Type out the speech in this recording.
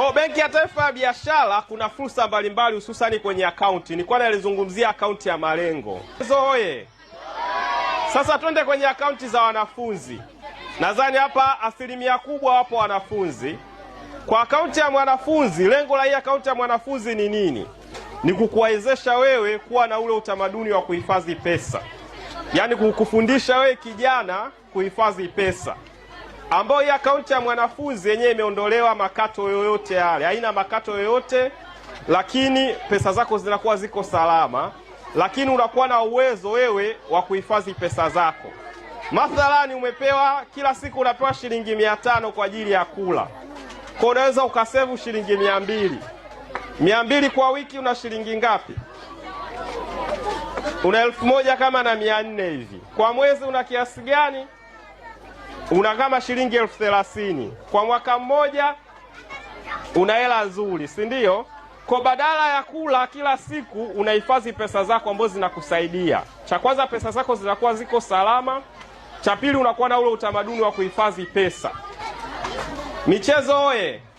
Kwa Benki ya Taifa ya Biashara kuna fursa mbalimbali hususani kwenye akaunti. Nilikuwa nalizungumzia akaunti ya malengo. Zoe. Sasa twende kwenye akaunti za wanafunzi. Nadhani hapa asilimia kubwa wapo wanafunzi. Kwa akaunti ya mwanafunzi, lengo la hii akaunti ya mwanafunzi ni nini? Ni kukuwezesha wewe kuwa na ule utamaduni wa kuhifadhi pesa, yaani kukufundisha wewe kijana kuhifadhi pesa ambayo hii akaunti ya mwanafunzi yenyewe imeondolewa makato yoyote yale, haina makato yoyote, lakini pesa zako zinakuwa ziko salama, lakini unakuwa na uwezo wewe wa kuhifadhi pesa zako. Mathalani, umepewa kila siku unapewa shilingi mia tano kwa ajili ya kula, kwa unaweza ukasevu shilingi mia mbili mia mbili kwa wiki, una shilingi ngapi? Una elfu moja kama na mia nne hivi. Kwa mwezi una kiasi gani? una kama shilingi elfu thelathini kwa mwaka mmoja, una hela nzuri, si ndio? Kwa badala ya kula kila siku unahifadhi pesa zako ambazo zinakusaidia. Cha kwanza, pesa zako zinakuwa ziko salama. Cha pili, unakuwa na ule utamaduni wa kuhifadhi pesa. Michezo oye!